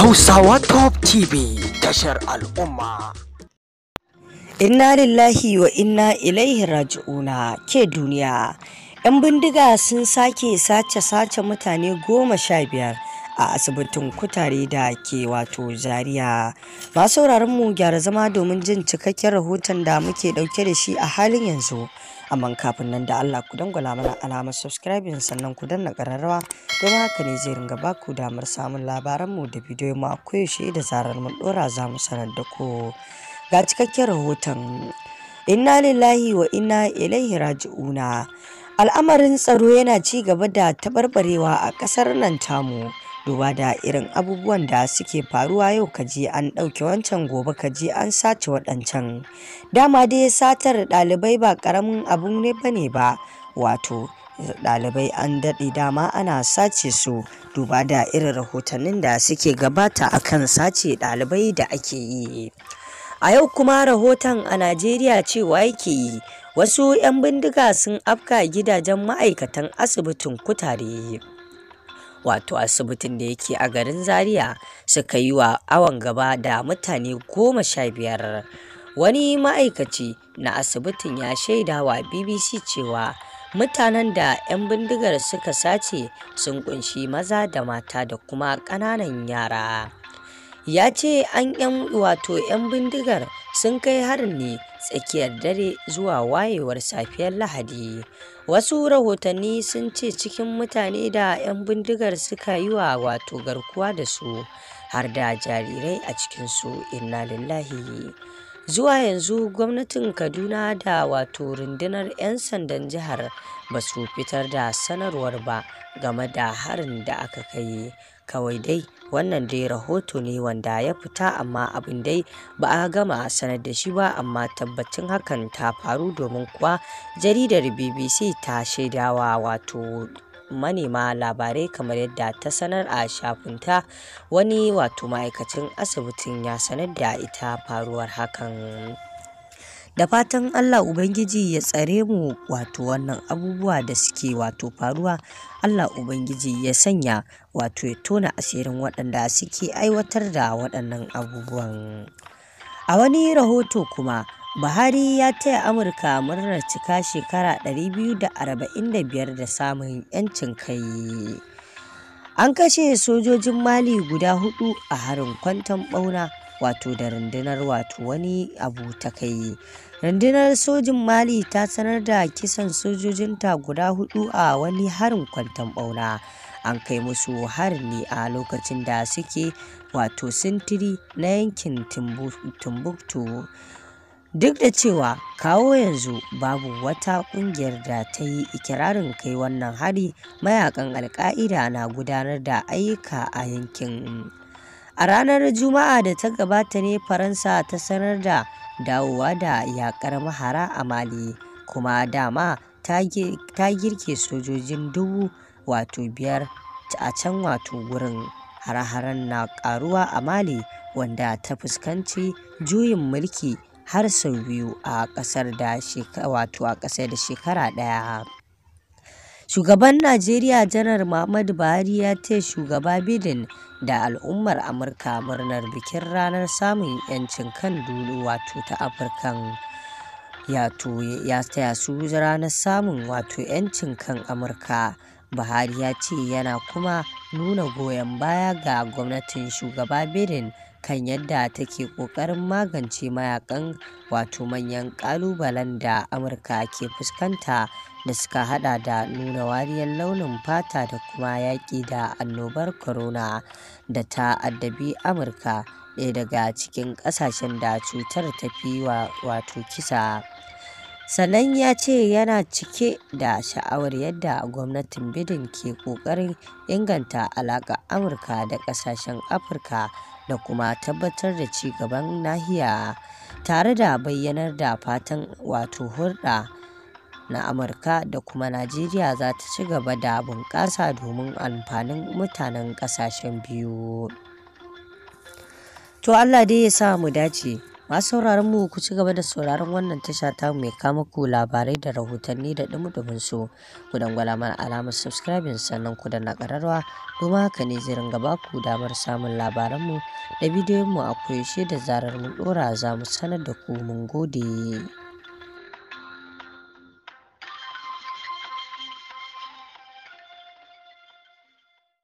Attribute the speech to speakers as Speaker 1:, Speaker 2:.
Speaker 1: Hausawa Top TV tashar al'umma. Inna lillahi wa inna ilaihi raji'una ke duniya. 'Yan bindiga sun sake sace-sace mutane goma sha biyar a asibitin kutare da ke wato zaria. Masu mu gyara zama domin jin cikakken rahoton da muke dauke da shi a halin yanzu. amma kafin nan da Allah ku dangwala mana alamar subscribing sannan ku danna ƙararrawa don haka ne zai ringa ba ku damar samun labaran mu da bidiyon mu a koyaushe da zarar mun ɗora za mu sanar da ku ga cikakken rahoton inna lillahi wa inna ilaihi raji'una al'amarin tsaro yana ci gaba da tabarbarewa a ƙasar nan tamu duba da irin abubuwan da suke faruwa yau kaji an ɗauke wancan gobe kaji an sace waɗancan dama dai satar ɗalibai ba ƙaramin abu ne bane ba wato ɗalibai an daɗe dama ana sace su duba da irin rahotannin da suke gabata akan sace ɗalibai da ake yi a yau kuma rahoton a najeriya cewa yake yi wasu 'yan bindiga sun afka gidajen ma'aikatan asibitin kutare wato asibitin da yake a garin zaria suka yi wa awon gaba da mutane goma sha biyar wani ma'aikaci na asibitin ya shaida wa bbc cewa mutanen da 'yan bindigar suka sace sun kunshi maza da mata da kuma ƙananan yara ya ce an 'yan wato 'yan bindigar sun kai harin ne tsakiyar dare zuwa wayewar safiyar Lahadi. Wasu rahotanni sun ce cikin mutane da 'yan bindigar suka yi wa wato garkuwa da su har da jarirai a cikinsu inna lillahi. zuwa yanzu gwamnatin kaduna da wato rundunar 'yan sandan jihar ba su fitar da sanarwar ba game da harin da aka kai kawai dai wannan dai rahoto ne wanda ya fita amma abin dai ba a gama sanar da shi ba amma tabbacin hakan ta faru domin kuwa jaridar bbc ta shaidawa wato manema labarai kamar yadda ta sanar a shafinta wani wato ma'aikacin asibitin ya sanar da ita faruwar hakan. da fatan Allah Ubangiji ya tsare mu wato wannan abubuwa da suke wato faruwa Allah Ubangiji ya sanya wato ya tona asirin waɗanda suke aiwatar da waɗannan abubuwan a wani rahoto kuma Buhari ya taya Amurka murnar cika shekara 245 da samun 'yancin kai. An kashe sojojin Mali guda hudu a harin kwanton bauna wato da rundunar wato wani abu ta kai. Rundunar sojin Mali ta sanar da kisan sojojinta guda hudu a wani harin kwantan bauna. An kai musu har ne a lokacin da suke wato sintiri na yankin Timbuktu. Duk da cewa kawo yanzu babu wata ƙungiyar da ta yi ikirarin kai wannan hari, mayakan alƙa'ida na gudanar da ayyuka a yankin. A ranar Juma'a da ta gabata ne Faransa ta sanar da dawowa da yakar mahara a Mali, kuma dama ta girke sojojin dubu wato biyar a can wato gurin. Hare-haren na karuwa a Mali wanda ta fuskanci juyin mulki har sau biyu a ƙasar da wato a ƙasar da shekara ɗaya. Shugaban Najeriya Janar Muhammadu Buhari ya ce shugaba Biden da al'ummar Amurka murnar bikin ranar samun 'yancin kan dulu wato ta Afirkan. ya taya su ranar samun wato 'yancin kan Amurka Buhari ya ce yana kuma nuna goyon baya ga gwamnatin Shugaba Biden kan yadda take ƙoƙarin magance mayakan wato manyan ƙalubalen da Amurka ke fuskanta da suka hada da nuna wariyar launin fata da kuma yaƙi da annobar corona da ta addabi Amurka ɗaya daga cikin ƙasashen da cutar ta fi wato kisa. sannan ya ce yana cike da sha'awar yadda gwamnatin biden ke ƙoƙarin inganta alaƙa amurka da ƙasashen afirka da kuma tabbatar da ci gaban nahiya tare da bayyanar da fatan wato hulɗa na amurka da kuma najeriya za ta ci gaba da bunƙasa domin amfanin mutanen ƙasashen biyu to allah dai ya sa mu dace Masu sauraron mu ku ci gaba da sauraron wannan tasha ta mai kama ku labarai da rahotanni da dumudumin su. Ku dangwala mana alamar subscribing sannan ku danna kararwa kuma haka ne zai ringa baku ku damar samun labaran mu da bidiyon mu a koyaushe da zarar mu ɗora za mu sanar da ku mun gode.